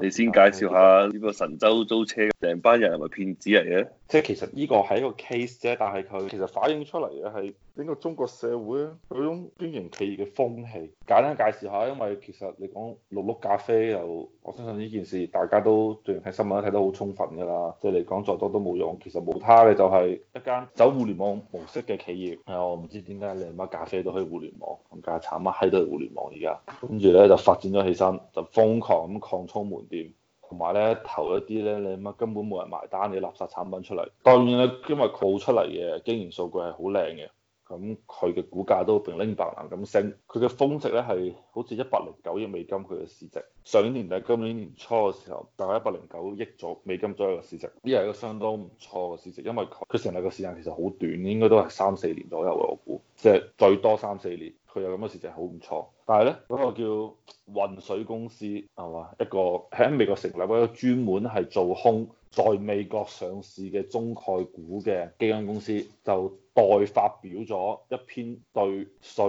你先介紹下呢個神州租車成班人係咪騙子嚟嘅？即係其實呢個係一個 case 啫，但係佢其實反映出嚟嘅係整個中國社會嗰種經營企業嘅風氣。簡單介紹下，因為其實你講六碌咖啡又我相信呢件事大家都最近睇新聞睇得好充分㗎啦。即係你講再多都冇用，其實冇他嘅就係一間走互聯網模式嘅企業。係、嗯、我唔知點解你乜咖啡都可以互聯網，咁嘆慘乜閪都係互聯網而家。跟住咧就發展咗起身，就瘋狂咁擴充門店，同埋咧投一啲咧，你乜根本冇人埋單。你垃圾產品出嚟。當然咧，因為佢出嚟嘅經營數據係好靚嘅，咁佢嘅股價都並拎白藍咁升。佢嘅峰值咧，係好似一百零九億美金，佢嘅市值。上年年底、今年年初嘅時候，大概一百零九億咗美金左右嘅市值，呢個係一個相當唔錯嘅市值，因為佢佢成立嘅時間其實好短，應該都係三四年左右嘅，我估，即係最多三四年，佢有咁嘅市值好唔錯。但係呢，嗰個叫渾水公司係嘛，一個喺美國成立一個專門係做空，在美國上市嘅中概股嘅基金公司，就代發表咗一篇對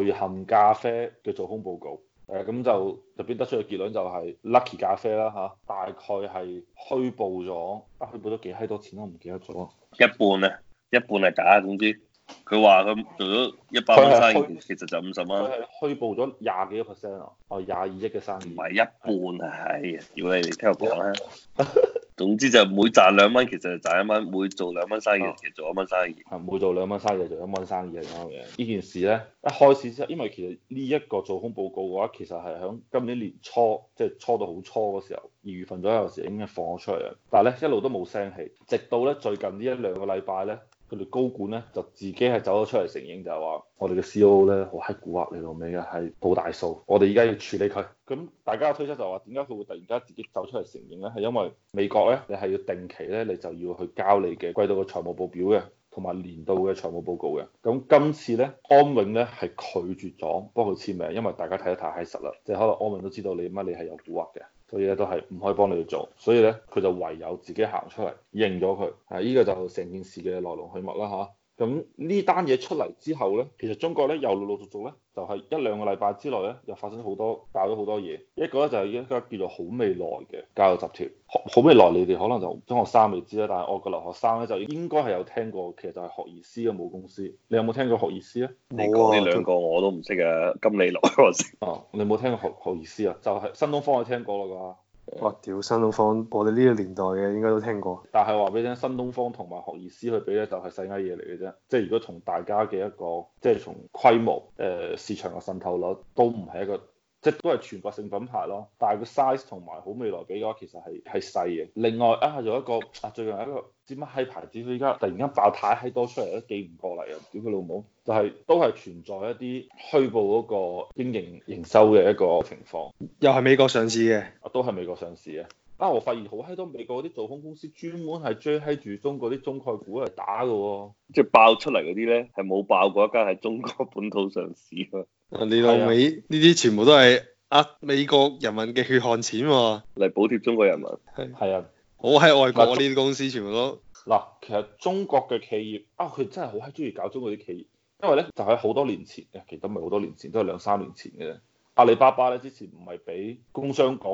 瑞幸咖啡嘅做空報告。誒，咁、嗯、就就變得出嘅結論就係 Lucky 咖啡啦，吓、啊、大概係虛報咗，虛報咗幾閪多錢我唔記得咗，一半啊，一半係假，總之佢話咁，做咗一百蚊生意，其實就五十蚊，虛報咗廿幾個 percent 啊，哦廿二億嘅生意，唔係一半係， 哎呀，要你哋聽我講啦。 總之就每賺兩蚊，其實就賺一蚊；每做兩蚊生，生意，其實、哦、做一蚊生意。係，每做兩蚊生意，做一蚊生意係咁樣。呢件事咧，一開始之後，因為其實呢一個做空報告嘅話，其實係響今年年初，即、就、係、是、初到好初嗰時候，二月份左右時已經放咗出嚟啦。但係咧，一路都冇聲氣，直到咧最近呢一兩個禮拜咧。佢哋高管咧就自己係走咗出嚟承認，就係、是、話我哋嘅 C.O.O 咧好閪蠱惑你老味嘅係報大數，我哋而家要處理佢。咁大家嘅推測就話，點解佢會突然間自己走出嚟承認咧？係因為美國咧，你係要定期咧，你就要去交你嘅季度嘅財務報表嘅，同埋年度嘅財務報告嘅。咁今次咧，安永咧係拒絕咗幫佢簽名，因為大家睇得太閪實啦，即、就、係、是、可能安永都知道你乜你係有蠱惑嘅。所以咧都係唔可以幫你去做，所以咧佢就唯有自己行出嚟認咗佢。啊，呢個就成件事嘅來龍去脈啦嚇。咁呢單嘢出嚟之後咧，其實中國咧又陸陸續續咧，就係、是、一兩個禮拜之內咧，又發生好多教咗好多嘢。一個咧就係、是、一個叫做好未來嘅教育集團，好未來你哋可能就中學生未知啦，但係我個留學生咧就應該係有聽過，其實就係學而思嘅母公司。你有冇聽過學而思啊？哇！呢兩個、哦、我都唔識啊，金利來我識。哦、 啊，你冇聽過學學而思啊？就係、是、新東方我聽過啦啩。哇！屌新東方，我哋呢個年代嘅應該都聽過，但係話俾你聽，新東方同埋學而思去比咧，就係細嘅嘢嚟嘅啫。即係如果從大家嘅一個，即係從規模誒、呃、市場嘅滲透率，都唔係一個。即都係全國性品牌咯，但係個 size 同埋好未來比嘅話，其實係係細嘅。另外啊，有一個啊，最近有一個知乜閪牌子，佢依家突然間爆太閪多出嚟都記唔過嚟啊！屌佢老母，就係、是、都係存在一啲虛報嗰個經營營收嘅一個情況。又係美國上市嘅。都係美國上市嘅。啊！我發現好閪多美國嗰啲做空公司專門係追喺住中國啲中概股嚟打噶喎，哦，即係爆出嚟嗰啲咧係冇爆過一間喺中國本土上市㗎。 你老味呢啲全部都係呃美國人民嘅血汗錢嚟補貼中國人民，係啊，好喺外國呢啲公司全部都嗱，其實中國嘅企業啊，佢真係好閪中意搞中國啲企業，因為咧就喺、是、好多年前，其實都唔係好多年前，都係兩三年前嘅。阿里巴巴咧之前唔係俾工商局。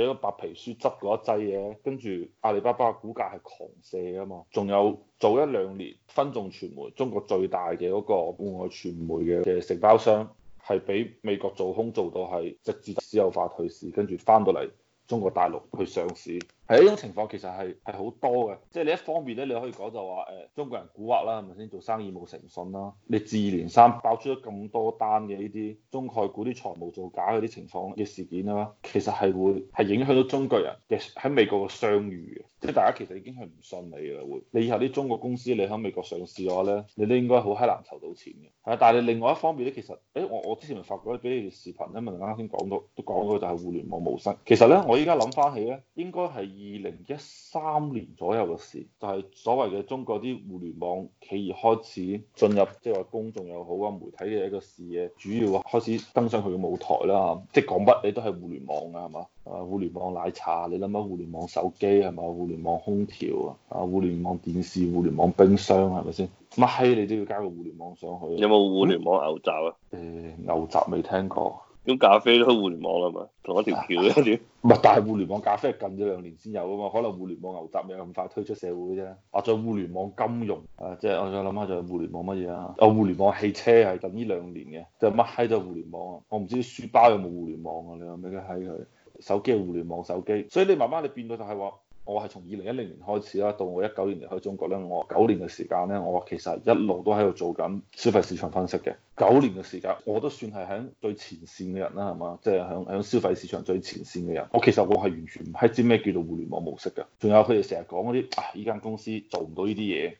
有一個白皮書執嗰一劑嘢，跟住阿里巴巴嘅股價係狂瀉啊嘛！仲有早一兩年分眾傳媒，中國最大嘅嗰個戶外傳媒嘅嘅承包商，係俾美國做空做到係直接私有化退市，跟住翻到嚟中國大陸去上市。係一種情況，其實係係好多嘅，即係你一方面咧，你可以講就話誒中國人蠱惑啦，係咪先？做生意冇誠信啦，你接二連三爆出咗咁多單嘅呢啲中概股啲財務造假嗰啲情況嘅事件啦，其實係會係影響到中國人嘅喺美國嘅相遇嘅，即係大家其實已經係唔信你嘅會，你以後啲中國公司你喺美國上市嘅話咧，你都應該好閪難籌到錢嘅，係啊！但係你另外一方面咧，其實誒我我之前咪發過一啲視頻咧，咪啱啱先講到都講到就係互聯網模式，其實咧我依家諗翻起咧，應該係。二零一三年左右嘅事，就係、是、所謂嘅中國啲互聯網企業開始進入，即係話公眾又好啊媒體嘅一個視野，主要開始登上佢嘅舞台啦，即係講乜你都係互聯網啊，係嘛？啊，互聯網奶茶，你諗下，互聯網手機係嘛？互聯網空調啊，互聯網電視、互聯網冰箱係咪先？乜閪你都要加個互聯網上去？有冇互聯網牛雜啊？誒、欸，牛雜未聽過。咁咖啡都互聯網啦嘛，同一條橋一點。唔係，但係互聯網咖啡係近咗兩年先有㗎嘛，可能互聯網牛雜未咁快推出社會嘅啫。啊，仲有互聯網金融啊，即係我再諗下，仲有互聯網乜嘢啊？哦，互聯網汽車係近呢兩年嘅，就乜閪都互聯網啊！我唔知書包有冇互聯網啊？你有咩閪佢？手機係互聯網手機，所以你慢慢你變到就係話。我係從二零一零年開始啦，到我一九年離開中國咧，我九年嘅時間咧，我其實一路都喺度做緊消費市場分析嘅。九年嘅時間，我都算係喺最前線嘅人啦，係嘛？即係喺喺消費市場最前線嘅人。我其實我係完全唔係知咩叫做互聯網模式㗎。仲有佢哋成日講嗰啲，啊，呢間公司做唔到呢啲嘢。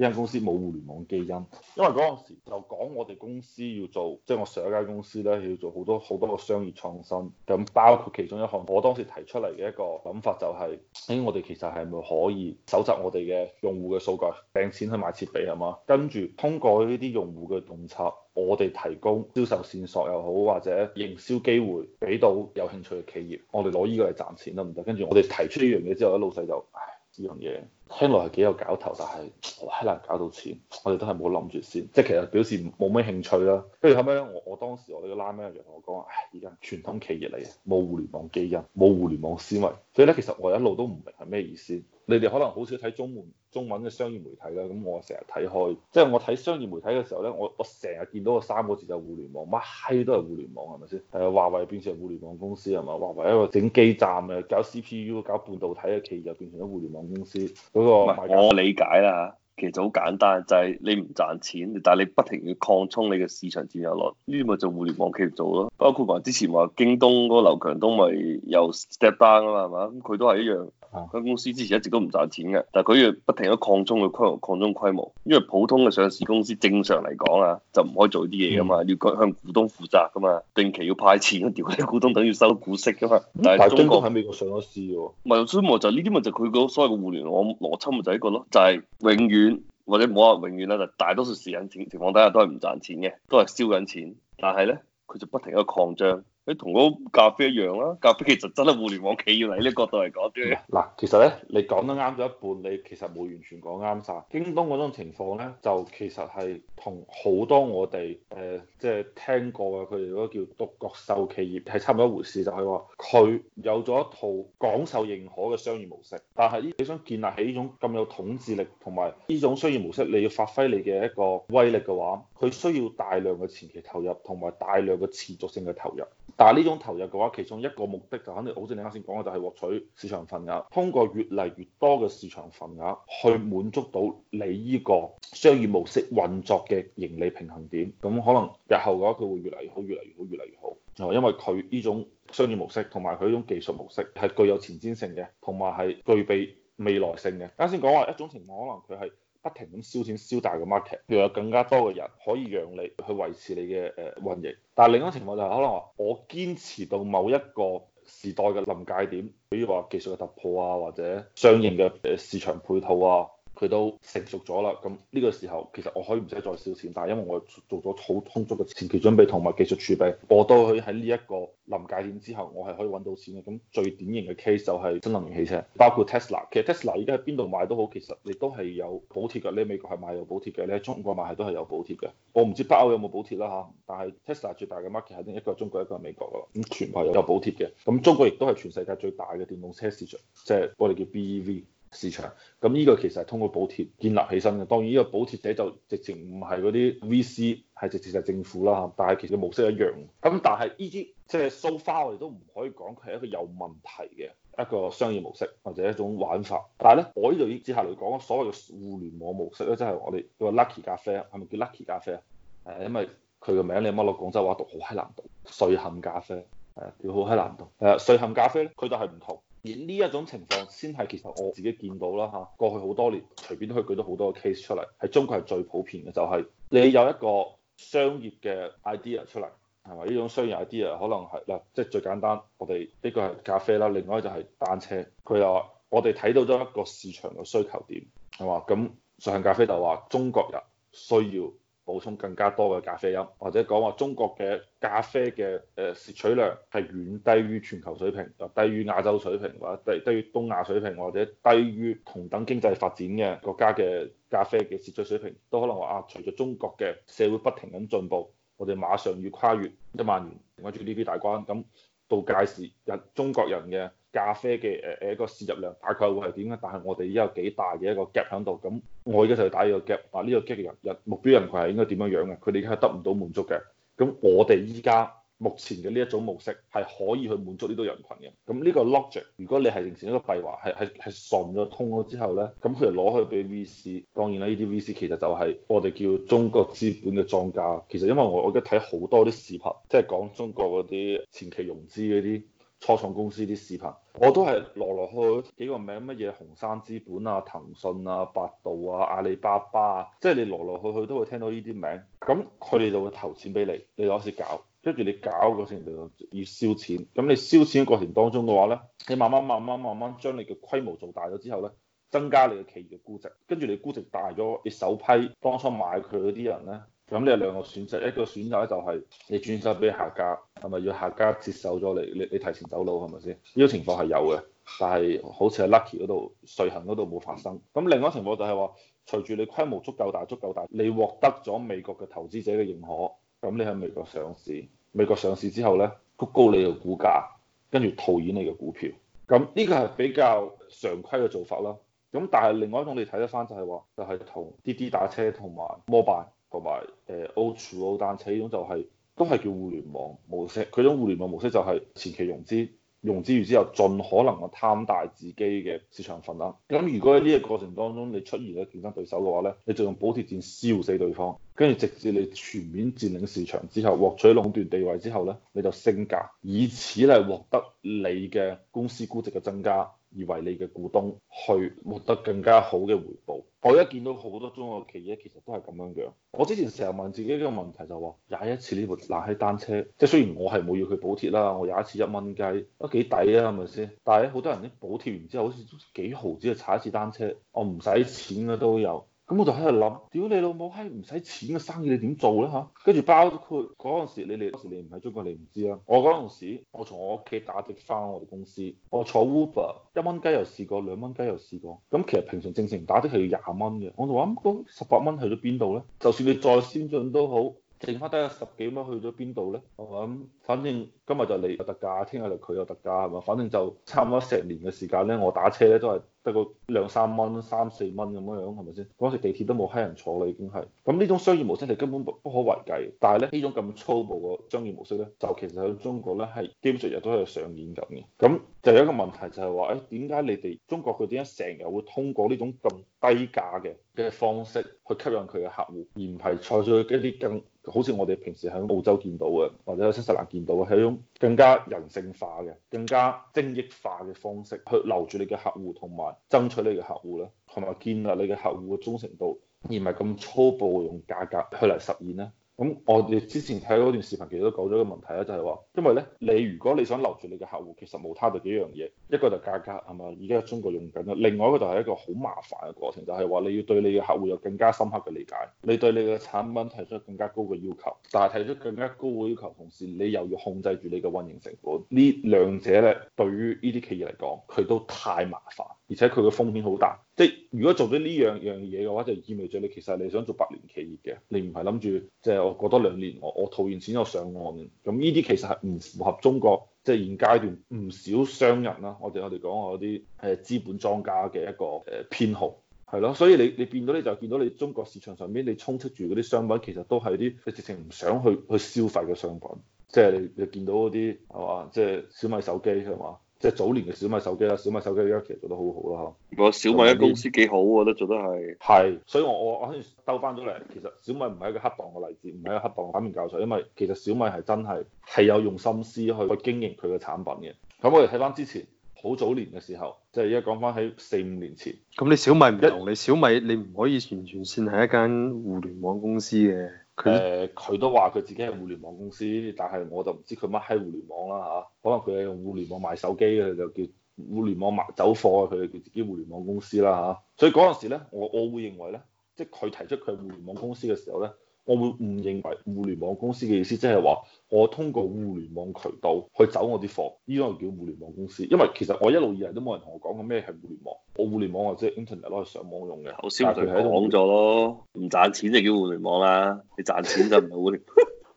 呢間公司冇互聯網基因，因為嗰陣時就講我哋公司要做，即係我上一間公司咧，要做好多好多個商業創新。咁包括其中一項，我當時提出嚟嘅一個諗法就係，誒，我哋其實係咪可以搜集我哋嘅用戶嘅數據，掟錢去買設備係嘛？跟住通過呢啲用戶嘅洞察，我哋提供銷售線索又好，或者營銷機會，俾到有興趣嘅企業，我哋攞呢個嚟賺錢得唔得？跟住我哋提出呢樣嘢之後，啲老細就，唉，呢樣嘢。聽落係幾有搞頭，但係好難搞到錢。我哋都係冇諗住先，即係其實表示冇咩興趣啦、啊。跟住後尾，咧，我我當時我呢個 l i 就同我講話：，唉，而家傳統企業嚟，嘅，冇互聯網基因，冇互聯網思維。所以咧，其實我一路都唔明係咩意思。你哋可能好少睇中文中文嘅商業媒體啦。咁我成日睇開，即係我睇商業媒體嘅時候咧，我我成日見到個三個字就互聯網，乜閪都係互聯網係咪先？誒，華為變成互聯網公司係嘛？華為一個整基站嘅、搞 CPU、搞半導體嘅企業，又變成咗互聯網公司。嗰個我理解啦，其實好簡單，就係你唔賺錢，但係你不停要擴充你嘅市場佔有率，呢啲咪做互聯網企業做咯。包括話之前話京東個劉強東咪又 step down 啊嘛，係嘛？咁佢都係一樣。間公司之前一直都唔賺錢嘅，但係佢要不停咁擴充佢規模，擴充規模，因為普通嘅上市公司正常嚟講啊，就唔可以做呢啲嘢噶嘛，嗯、要向股東負責噶嘛，定期要派錢，調嗰啲股東等於收股息噶嘛。但係中國喺美國上咗市喎。唔係，所以我就呢啲咪就佢個所謂嘅互聯網邏輯咪就係一個咯，就係、是、永遠或者唔好話永遠啦，就是、大多數時間情情況底下都係唔賺錢嘅，都係燒緊錢，但係咧佢就不停喺度擴張。你同嗰咖啡一樣啦，啊，咖啡其實真係互聯網企業嚟呢個角度嚟講，啲嘢。嗱，其實咧，你講得啱咗一半，你其實冇完全講啱晒。京東嗰種情況咧，就其實係同好多我哋誒即係聽過嘅佢哋嗰個叫獨角獸企業係差唔多一回事，就係話佢有咗一套廣受認可嘅商業模式，但係呢你想建立起呢種咁有統治力同埋呢種商業模式，你要發揮你嘅一個威力嘅話。佢需要大量嘅前期投入，同埋大量嘅持續性嘅投入。但係呢種投入嘅話其中一個目的就肯定，好似你啱先講嘅，就係獲取市場份額，通過越嚟越多嘅市場份額去滿足到你呢個商業模式運作嘅盈利平衡點，咁可能日後嘅話，佢會越嚟越好，越嚟越好，越嚟越好。又因為佢呢種商業模式同埋佢呢種技術模式係具有前瞻性嘅，同埋係具備未來性嘅。啱先講話一種情況可能佢係。不停咁燒錢燒，燒大個 market，讓有更加多嘅人可以讓你去維持你嘅誒運營，但係另一種情況就係、是、可能話我堅持到某一個時代嘅臨界點，比如話技術嘅突破啊，或者相應嘅誒市場配套啊。佢都成熟咗啦，咁呢個時候其實我可以唔使再燒錢，但係因為我做咗好充足嘅前期準備同埋技術儲備，我都可以喺呢一個臨界點之後，我係可以揾到錢嘅。咁最典型嘅 case 就係新能源汽車，包括 Tesla。其實 Tesla 而家喺邊度買都好，其實亦都係有補貼嘅。咧美國係買有補貼嘅，咧中國買係都係有補貼嘅。我唔知北歐有冇補貼啦嚇，但係 Tesla 最大嘅 market 係一一個中國一個美國咯。咁全係有補貼嘅，咁中國亦都係全世界最大嘅電動車市場，即係我哋叫 BEV。市場。咁呢個其實係通過補貼建立起身嘅，當然呢個補貼者就直情唔係嗰啲 VC，係直接就係政府啦，但係其實模式一樣。咁但係呢啲即係 so far 我哋都唔可以講佢係一個有問題嘅一個商業模式或者一種玩法。但係咧，我呢度接下嚟講，所謂嘅互聯網模式咧，即係我哋叫 Lucky 咖啡係咪叫 Lucky 咖啡啊？誒，因為佢個名你乜攞廣州話讀好閪難讀，瑞幸咖啡係叫好閪難讀。係啊，瑞幸咖啡咧，佢就係唔同。而呢一種情況先係其實我自己見到啦嚇，過去好多年隨便都可以舉到好多個 case 出嚟，喺中國係最普遍嘅，就係你有一個商業嘅 idea 出嚟，係咪呢種商業 idea 可能係嗱，即係最簡單，我哋呢個係咖啡啦，另外一個就係單車，佢又話我哋睇到咗一個市場嘅需求點，係嘛？咁上咖啡就話中國人需要。補充更加多嘅咖啡因，或者講話中國嘅咖啡嘅誒攝取量係遠低於全球水平，又低於亞洲水平，或者低低於東亞水平，或者低於同等經濟發展嘅國家嘅咖啡嘅攝取水平，都可能話啊，隨着中國嘅社會不停咁進步，我哋馬上要跨越一萬元，跨越呢啲大關，咁到屆時人中國人嘅。咖啡嘅誒誒一個攝入量大概會係點嘅？但係我哋依家有幾大嘅一個 gap 喺度，咁我而家就去打呢個 gap，啊呢個 gap 嘅人目標人群係應該點樣樣嘅？佢哋而家係得唔到滿足嘅，咁我哋依家目前嘅呢一種模式係可以去滿足呢度人群嘅。咁呢個 logic，如果你係形成一個閉環，係係係順咗通咗之後咧，咁佢就攞去俾 VC，當然啦，呢啲 VC 其實就係我哋叫中國資本嘅莊家。其實因為我我而家睇好多啲視頻，即係講中國嗰啲前期融資嗰啲。初創公司啲視頻，我都係嚟嚟去去幾個名，乜嘢紅杉資本啊、騰訊啊、百度啊、阿里巴巴啊，即係你嚟嚟去去都會聽到呢啲名，咁佢哋就會投錢俾你，你攞去搞，跟住你搞嗰時就要燒錢，咁你燒錢過程當中嘅話咧，你慢慢慢慢慢慢將你嘅規模做大咗之後咧，增加你嘅企業嘅估值，跟住你估值大咗，你首批當初買佢嗰啲人咧。咁你有兩個選擇，一個選擇咧就係你轉手俾下家，係咪要下家接受咗你？你你提前走佬係咪先？呢個情況係有嘅，但係好似喺 Lucky 嗰度、瑞幸嗰度冇發生。咁另外一個情況就係話，隨住你規模足夠大、足夠大，你獲得咗美國嘅投資者嘅認可，咁你喺美國上市。美國上市之後呢，谷高你嘅股價，跟住套現你嘅股票。咁呢個係比較常規嘅做法啦。咁但係另外一種你睇得翻就係話，就係同滴滴打車同埋摩拜。同埋誒 O2O 但呢種就係、是、都係叫互聯網模式。佢種互聯網模式就係前期融資，融資完之後盡可能嘅貪大自己嘅市場份額。咁如果喺呢個過程當中你出現咗競爭對手嘅話呢，你就用補貼戰燒死對方，跟住直至你全面佔領市場之後，獲取壟斷地位之後呢，你就升價，以此嚟獲得你嘅公司估值嘅增加。以為你嘅股東去獲得更加好嘅回報，我而家見到好多中國企業其實都係咁樣樣。我之前成日問自己一個問題就係話，踩一次呢部爛閪單車，即係雖然我係冇要佢補貼啦，我踩一次一蚊雞，都幾抵啊，係咪先？但係好多人啲補貼完之後，好似幾毫紙就踩一次單車，我唔使錢嘅都有。咁我就喺度諗，屌你老母閪，唔使錢嘅生意你點做咧嚇？跟住包括嗰陣時你哋，嗰陣你唔喺中國你唔知啦。我嗰陣時，我從我屋企打的翻我哋公司，我坐 Uber 一蚊雞又試過，兩蚊雞又試過。咁其實平常正常打的係要廿蚊嘅，我仲話咁十八蚊去到邊度咧？就算你再先進都好。剩翻得十幾蚊去咗邊度咧？我、嗯、諗，反正今日就你有特價，聽日就佢有特價，係咪？反正就差唔多成年嘅時間咧，我打車咧都係得個兩三蚊、三,三四蚊咁樣樣，係咪先？嗰時地鐵都冇黑人坐啦，已經係。咁、嗯、呢種商業模式係根本不可為繼嘅。但係咧，呢種咁粗暴嘅商業模式咧，就其實喺中國咧係基本上日日都係上演緊嘅。咁、嗯、就有一個問題就係話，誒點解你哋中國佢點解成日會通過呢種咁低價嘅嘅方式去吸引佢嘅客戶，而唔係採取一啲更好似我哋平時喺澳洲見到嘅，或者喺新西蘭見到嘅，係一種更加人性化嘅、更加精益化嘅方式去留住你嘅客戶同埋爭取你嘅客戶咧，同埋建立你嘅客戶嘅忠誠度，而唔係咁粗暴用價格去嚟實現咧。咁、嗯、我哋之前睇嗰段視頻，其實都講咗一個問題咧，就係話，因為咧，你如果你想留住你嘅客戶，其實冇他度幾樣嘢，一個就價格係嘛，而家中國用緊啦，另外一個就係一個好麻煩嘅過程，就係、是、話你要對你嘅客戶有更加深刻嘅理解，你對你嘅產品提出更加高嘅要求，但係提出更加高嘅要求，同時你又要控制住你嘅運營成本，呢兩者咧對於呢啲企業嚟講，佢都太麻煩，而且佢嘅風險好大，即係如果做咗呢樣樣嘢嘅話，就意味住你其實你想做百年企業嘅，你唔係諗住即係。就是過多兩年，我我套完錢就上岸，咁呢啲其實係唔符合中國即係現階段唔少商人啦、啊。我哋我哋講我啲誒資本莊家嘅一個誒偏好係咯，所以你變你變到咧就見到你中國市場上邊，你充斥住嗰啲商品，其實都係啲你直情唔想去去消費嘅商品，即係你見到嗰啲係嘛，即係小米手機係嘛。即係早年嘅小米手機啦，小米手機而家其實做得好好啦，嚇。個小米嘅公司幾好，我覺得做得係。係，所以我我我先兜翻咗嚟。其實小米唔係一個恰當嘅例子，唔係一個恰當反面教材，因為其實小米係真係係有用心思去經營佢嘅產品嘅。咁我哋睇翻之前好早年嘅時候，即係而家講翻喺四五年前。咁你小米唔同一你小米，你唔可以完全，全算係一間互聯網公司嘅。誒佢、嗯呃、都話佢自己係互聯網公司，但係我就唔知佢乜閪互聯網啦嚇、啊，可能佢係用互聯網賣手機，佢就叫互聯網賣走貨，佢就叫自己互聯網公司啦嚇、啊。所以嗰陣時咧，我我會認為咧，即係佢提出佢係互聯網公司嘅時候咧。我會唔認為互聯網公司嘅意思即係話，我通過互聯網渠道去走我啲貨，依個係叫互聯網公司。因為其實我一路以嚟都冇人同我講過咩係互聯網，我互聯網或者係 internet 攞嚟上網用嘅。頭先佢喺講咗咯，唔賺錢就叫互聯網啦，你賺錢就唔係互聯。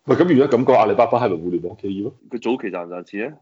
咪咁而家感覺阿里巴巴係咪互聯網企業咯？佢早期賺唔賺錢啊？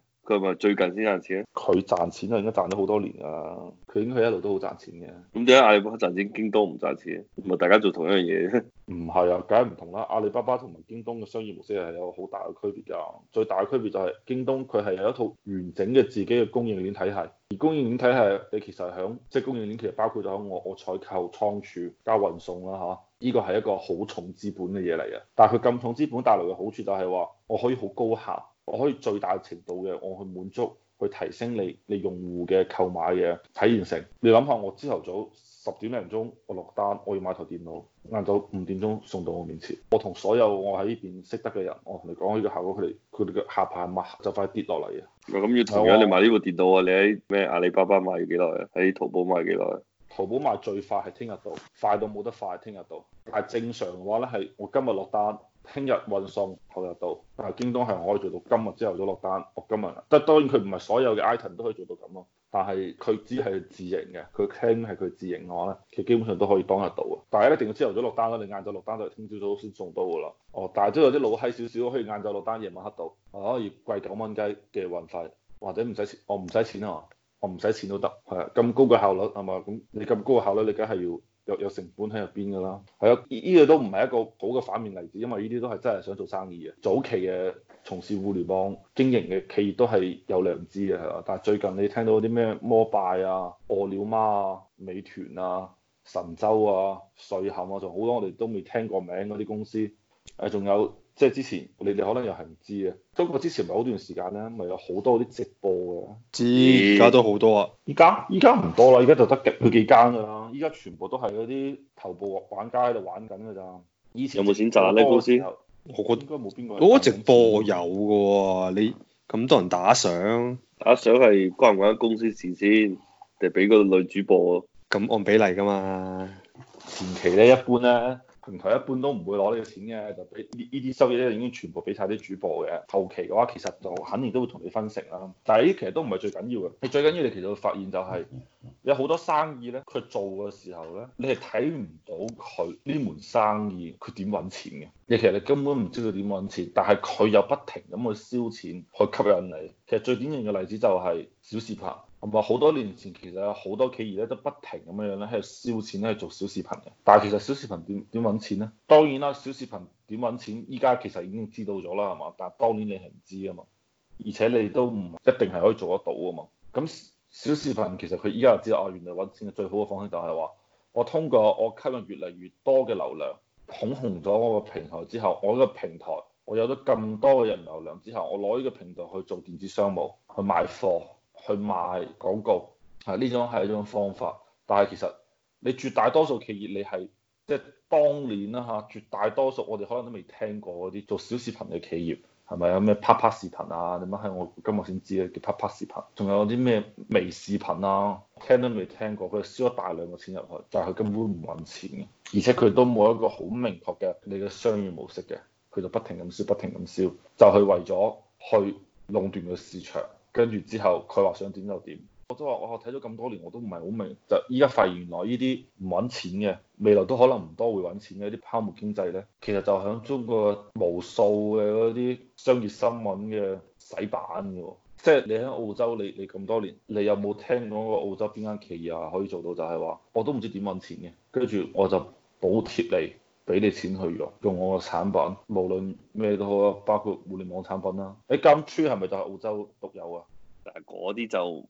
最近先賺錢，佢賺錢啊，應該賺咗好多年啊。佢應該一路都好賺錢嘅。咁點解阿里巴巴賺錢，京東唔賺錢？唔係大家做同一樣嘢？唔係啊，梗係唔同啦。阿里巴巴同埋京東嘅商業模式係有好大嘅區別㗎。最大嘅區別就係京東佢係有一套完整嘅自己嘅供應鏈體系。而供應鏈體系，你其實喺即係供應鏈，其實包括咗我我採購、倉儲加運送啦嚇。呢個係一個好重資本嘅嘢嚟嘅。但係佢咁重資本帶來嘅好處就係話，我可以好高效。我可以最大程度嘅我去滿足，去提升你你用戶嘅購買嘅體驗性。你諗下，我朝頭早十點零鐘我落單，我要買台電腦，晏晝五點鐘送到我面前。我同所有我喺呢邊識得嘅人，我同你講呢個效果，佢哋佢哋嘅下巴就快跌落嚟。唔咁要睇下，我你買呢部電腦啊，你喺咩阿里巴巴買要幾耐啊？喺淘寶買幾耐？淘寶買最快係聽日到，快到冇得快，聽日到。但係正常嘅話咧，係我今日落單。聽日運送後日到，但係京東係可以做到今日朝頭早落單，我、哦、今日，即係當然佢唔係所有嘅 item 都可以做到咁咯，但係佢只係自營嘅，佢傾係佢自營嘅話咧，佢基本上都可以當日到啊。但係一定要朝頭早落單啦，你晏晝落單就係聽朝早先送到噶啦。哦，但係都有啲老閪少少可以晏晝落單夜晚黑到、哦，可以貴九蚊雞嘅運費，或者唔使錢，我唔使錢啊，我唔使錢都得，係啊咁高嘅效率係咪？咁你咁高嘅效率，你梗係要。有成本喺入邊㗎啦，係啊，呢個都唔係一個好嘅反面例子，因為呢啲都係真係想做生意嘅，早期嘅從事互聯網經營嘅企業都係有良知嘅，係啊，但係最近你聽到啲咩摩拜啊、餓了嗎啊、美團啊、神州啊、瑞幸啊，仲好多我哋都未聽過名嗰啲公司，誒，仲有。即係之前，你哋可能又係唔知啊。不過之前咪好段時間咧，咪有好多啲直播嘅。知。而家都好多啊。而家？而家唔多啦，而家就得極嗰幾間噶啦。而家全部都係嗰啲頭部玩家喺度玩緊嘅咋。以前有冇選擇、那個、啊？咧？公司？我覺得應該冇邊個。嗰直播有嘅喎，你咁多人打賞，打賞係關唔關公司事先？就俾個女主播？咁按比例㗎嘛。前期咧，一般啦。平台一般都唔會攞呢個錢嘅，就俾呢呢啲收益咧已經全部俾晒啲主播嘅。後期嘅話，其實就肯定都會同你分成啦。但係呢，其實都唔係最緊要嘅。最緊要你其實你會發現就係有好多生意咧，佢做嘅時候咧，你係睇唔到佢呢門生意佢點揾錢嘅。你其實你根本唔知道點揾錢，但係佢又不停咁去燒錢去吸引你。其實最典型嘅例子就係小視頻。我話好多年前，其實有好多企業咧，都不停咁樣樣咧，喺度燒錢咧，去做小視頻嘅。但係其實小視頻點點揾錢呢？當然啦，小視頻點揾錢，依家其實已經知道咗啦，係嘛？但係當年你係唔知啊嘛，而且你都唔一定係可以做得到啊嘛。咁小視頻其實佢依家就知道啦、啊，原來揾錢嘅最好嘅方式就係話，我通過我吸引越嚟越多嘅流量，捧紅咗我個平台之後，我呢個平台，我有咗咁多嘅人流量之後，我攞呢個平台去做電子商務，去賣貨。去賣廣告，係呢種係一種方法，但係其實你絕大多數企業你係即係當年啦嚇，絕大多數我哋可能都未聽過嗰啲做小視頻嘅企業係咪有咩啪啪視頻啊？點樣係我今日先知嘅叫啪啪視頻，仲有啲咩微視頻啊？聽都未聽過，佢燒咗大量嘅錢入去，但係佢根本唔搵錢嘅，而且佢都冇一個好明確嘅你嘅商業模式嘅，佢就不停咁燒，不停咁燒，就係為咗去壟斷個市場。跟住之後，佢話想點就點。我都話我睇咗咁多年，我都唔係好明。就依家發現原來呢啲唔揾錢嘅，未來都可能唔多會揾錢嘅呢啲泡沫經濟呢，其實就響中國無數嘅嗰啲商業新聞嘅洗版嘅。即係你喺澳洲你，你你咁多年，你有冇聽講過澳洲邊間企業可以做到、就係？就係話我都唔知點揾錢嘅。跟住我就補貼你。俾你錢去用用我個產品，無論咩都好啊，包括互聯網產品啦。誒 Gumtree 係咪就係澳洲獨有啊？嗱，嗰啲就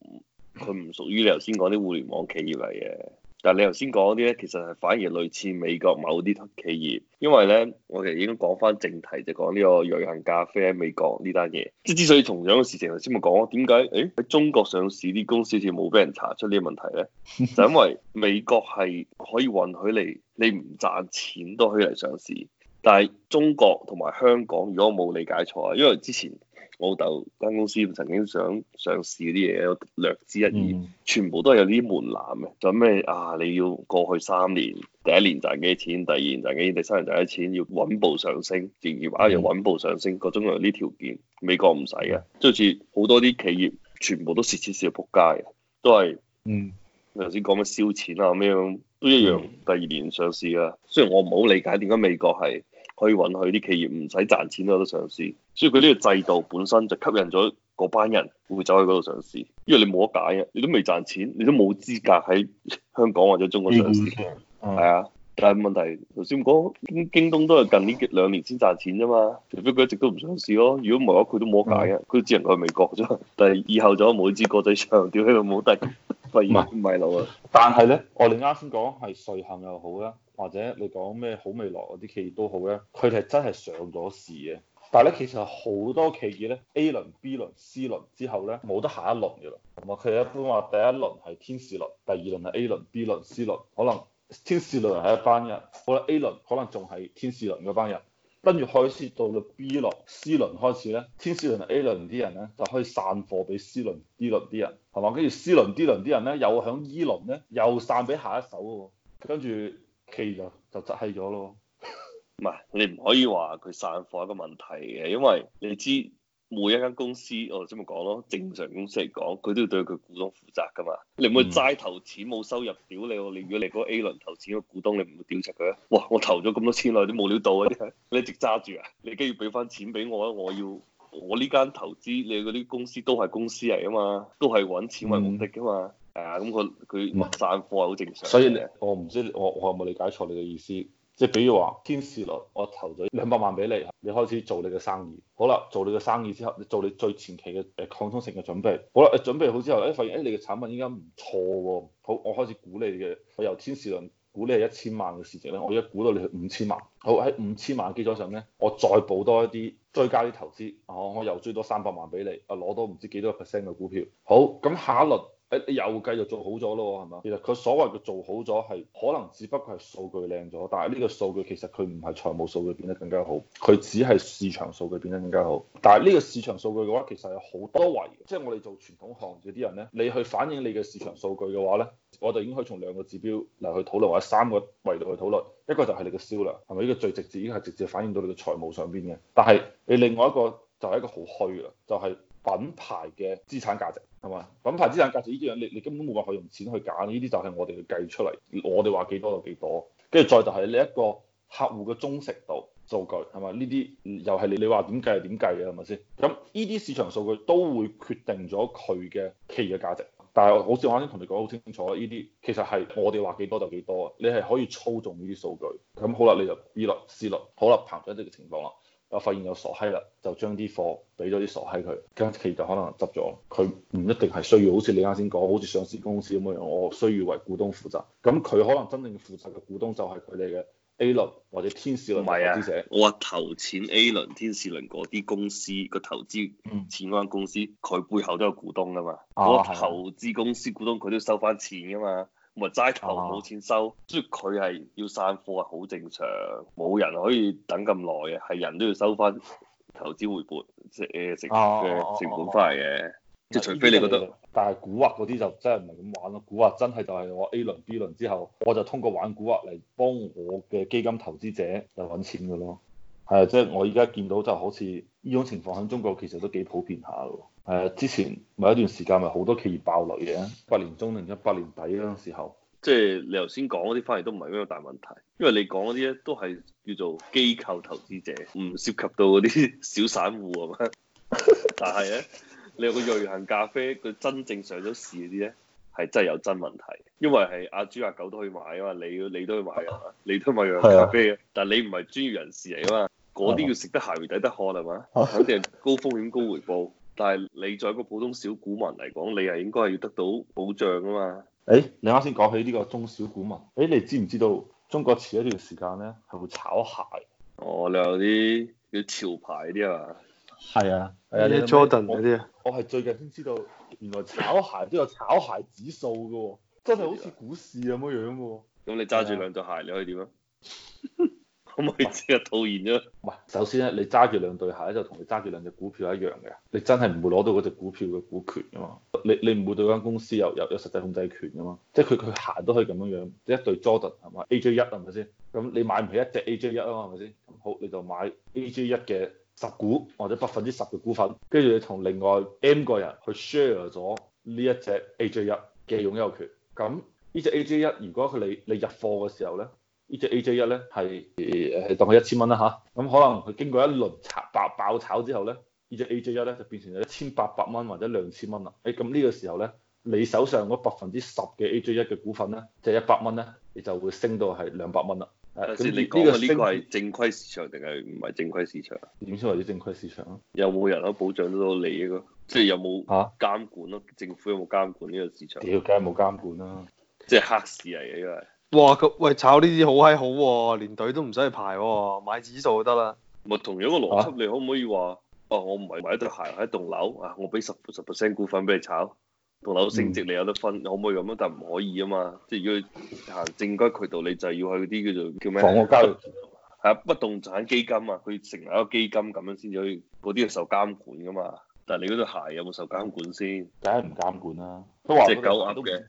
佢唔屬於你頭先講啲互聯網企業嚟嘅。但係你頭先講啲咧，其實係反而類似美國某啲企業，因為咧，我哋已經講翻正題，就講呢個瑞幸咖啡喺美國呢單嘢。即之所以同樣嘅事情，頭先咪講咯，點解誒喺中國上市啲公司好似冇俾人查出呢個問題咧？ 就因為美國係可以允許你你唔賺錢都可以嚟上市，但係中國同埋香港，如果我冇理解錯啊，因為之前。我老豆間公司曾經想上市啲嘢，我略知一二，全部都係有啲門檻嘅。仲有咩啊？你要過去三年，第一年賺幾錢，第二年賺幾錢，第三年賺幾錢，要穩步上升，營業額又穩步上升，各種有啲條件。美國唔使嘅，即好似好多啲企業全部都蝕錢蝕笑仆街嘅，都係嗯。頭先講緊燒錢啊咁樣，都一樣。嗯、第二年上市啦，雖然我唔好理解點解美國係。可以允許啲企業唔使賺錢都得上市，所以佢呢個制度本身就吸引咗嗰班人會走去嗰度上市，因為你冇得解嘅，你都未賺錢，你都冇資格喺香港或者中國上市，係啊、嗯。嗯、但係問題頭先講京東都係近呢幾兩年先賺錢啫嘛，除非佢一直都唔上市咯。如果唔係嘅，佢都冇得解嘅，佢只能去美國啫。但係以後就冇支國際上，掉喺度冇得費費腦啊。 是但係咧、嗯們，我哋啱先講係瑞幸又好啦。或者你講咩好未來嗰啲企業都好咧，佢哋係真係上咗市嘅。但係咧，其實好多企業咧 A 輪、B 輪、C 輪之後咧，冇得下一輪嘅喇。係嘛？佢哋一般話第一輪係天使輪，第二輪係 A 輪、B 輪、C 輪。可能天使輪係一班人，好啦 A 輪可能仲係天使輪嗰班人。跟住開始到咗 B 輪、C 輪開始咧，天使輪、A 輪啲人咧就可以散貨俾 C 輪、D 輪啲人，係嘛？跟住 C 輪、D 輪啲人咧又響 E 輪咧又散俾下一手嘅喎，跟住。企住就就執咗咯，唔係你唔可以話佢散貨一個問題嘅，因為你知每一間公司我頭先咪講咯，正常公司嚟講，佢都要對佢股東負責噶嘛。你唔會齋投錢冇收入屌你，啊，你如果你嗰 A 輪投錢嘅股東，你唔會屌查佢啊？哇，我投咗咁多錢落去都冇料到啊！你一直揸住啊？你梗要俾翻錢俾我啊？我要我呢間投資你嗰啲公司都係公司嚟啊嘛，都係揾錢為目的噶嘛。嗯啊，咁佢佢唔係散貨係好正常。所以我唔知我我有冇理解錯你嘅意思，即係比如話，天使輪我投咗兩百萬俾你，你開始做你嘅生意。好啦，做你嘅生意之後，你做你最前期嘅誒抗通性嘅準備。好啦，你準備好之後，誒、哎、發現誒、哎、你嘅產品應該唔錯喎，好，我開始估你嘅，我由天使輪估你係一千萬嘅市值咧，我而家估到你係五千萬。好喺五千萬基礎上咧，我再補多一啲追加啲投資，哦，我又追多三百萬俾你，啊攞多唔知幾多個 percent 嘅股票。好，咁下一輪。誒你又繼續做好咗咯，係嘛？其實佢所謂嘅做好咗係可能只不過係數據靚咗，但係呢個數據其實佢唔係財務數據變得更加好，佢只係市場數據變得更加好。但係呢個市場數據嘅話，其實有好多維，即係我哋做傳統行業啲人咧，你去反映你嘅市場數據嘅話咧，我哋已經可以從兩個指標嚟去討論或者三個維度去討論。一個就係你嘅銷量，係咪呢個最直接？依家直接反映到你嘅財務上邊嘅。但係你另外一個就係一個好虛啊，就係，品牌嘅資產價值係嘛？品牌資產價值呢啲樣，你你根本冇辦法用錢去揀，呢啲就係我哋去計出嚟。我哋話幾多就幾多，跟住再就係呢一個客戶嘅忠誠度數據係嘛？呢啲又係你你話點計就點計嘅係咪先？咁呢啲市場數據都會決定咗佢嘅企業嘅價值，但係好似我啱先同你講好清楚，呢啲其實係我哋話幾多就幾多，你係可以操縱呢啲數據。咁好啦，你就 B 落 C 落，好啦，彭總呢啲嘅情況啦。我發現有傻閪啦，就將啲貨俾咗啲傻閪佢，間企業就可能執咗。佢唔一定係需要，好似你啱先講，好似上市公司咁樣，我需要為股東負責。咁佢可能真正要負責嘅股東就係佢哋嘅 A 輪或者天使輪投資者、啊。我話投錢 A 輪、天使輪嗰啲公司個投資錢嗰間公司，佢、嗯、背後都有股東噶嘛、啊。我話投資公司股東，佢都收翻錢噶嘛。齋投冇錢收，啊、所以佢係要散貨係好正常，冇人可以等咁耐嘅，係人都要收翻投資回本，即係成嘅成本翻嚟嘅，即係除非你覺得，但係蠱惑嗰啲就真係唔係咁玩咯，蠱惑真係就係我 A 輪 B 輪之後，我就通過玩蠱惑嚟幫我嘅基金投資者嚟揾錢嘅咯。係、啊，即係我而家見到就好似呢種情況喺中國其實都幾普遍下咯、啊啊。之前咪一段時間咪好多企業爆雷嘅，八年中定一八年底嗰陣時候，即係你頭先講嗰啲反而都唔係咩大問題，因為你講嗰啲咧都係叫做機構投資者，唔涉及到嗰啲小散戶啊嘛。但係咧，你有個瑞幸咖啡佢真正上咗市嗰啲咧，係真係有真問題，因為係阿豬阿狗都可以買啊嘛，你你都可以買啊嘛，你都買瑞幸咖啡嘅，啊、但係你唔係專業人士嚟啊嘛。嗰啲要食得鹹魚抵得渴係嘛？啊、肯定係高風險高回報。 但係你作為一個普通小股民嚟講，你係應該係要得到保障㗎嘛？誒、哎，你啱先講起呢個中小股民，誒、哎，你知唔知道中國遲一段時間咧係會炒鞋？哦，你有啲叫潮牌嗰啲啊？係啊，咩 Jordan 嗰啲啊？我係、啊、最近先知道，原來炒鞋都有炒鞋指數嘅喎，真係好似股市咁樣樣喎。咁、啊、你揸住兩隻鞋，你可以點啊？ 咁可以即係套現咗？唔係，首先咧，你揸住兩對鞋就同你揸住兩隻股票一樣嘅。你真係唔會攞到嗰隻股票嘅股權啊嘛。你你唔會對間公司有有有實際控制權啊嘛。即係佢佢行都可以咁樣樣。一對 Jordan 係嘛，AJ 一係咪先？咁你買唔起一隻 AJ 一啊嘛，係咪先？好，你就買 AJ 一嘅十股或者百分之十嘅股份，跟住你同另外 M 個人去 share 咗呢一隻 AJ 一嘅擁有權。咁呢隻 AJ 一，如果佢你你入貨嘅時候咧？AJ 呢隻 A J 一咧係係當佢一千蚊啦嚇，咁可能佢經過一輪爆爆炒之後咧，這個、AJ 呢隻 A J 一咧就變成咗一千八百蚊或者兩千蚊啦。誒咁呢個時候咧，你手上嗰百分之十嘅 A J 一嘅股份咧，即、就、係、是、一百蚊咧，你就會升到係兩百蚊啦。誒咁呢個呢個係正規市場定係唔係正規市場？點先為止正規市場,規市場有有啊？有冇人可保障得到你嗰即係有冇嚇監管咯、啊？啊、政府有冇監管呢個市場？屌梗係冇監管啦、啊，即係黑市嚟嘅，因為。哇！咁喂，炒呢啲好閪好，連隊都唔使去排、啊，買指數就得啦。咪同樣個邏輯，你可唔可以話？啊，啊，我唔係買對鞋，喺一棟樓啊！我俾十十 percent 股份俾你炒，棟樓升值你有得分，可唔、嗯、可以咁啊？但唔可以啊嘛！即係如果行正規渠道，你就要去啲叫做叫咩？房屋交易係啊，不動產基金啊，佢成立一個基金咁樣先至可以，嗰啲要受監管噶嘛。但係你嗰對鞋有冇受監管先？梗係唔監管啦、啊，都話隻狗都嘅，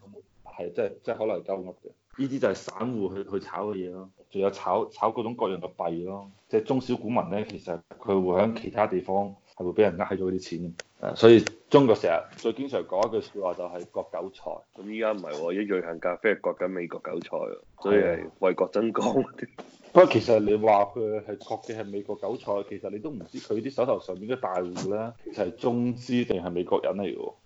係即係真係可能係鳩噏嘅。呢啲就係散戶去去炒嘅嘢咯，仲有炒炒各種各樣嘅幣咯。即係中小股民咧，其實佢會喺其他地方係會俾人呃起咗啲錢的。誒、啊，所以中國成日最經常講一句説話就係割韭菜。咁依家唔係喎，一瑞幸咖啡割緊美國韭菜，所以為國爭光。不過的 其實你話佢係割嘅係美國韭菜，其實你都唔知佢啲手頭上面嘅大戶咧係、其實、中資定係美國人嚟㗎喎。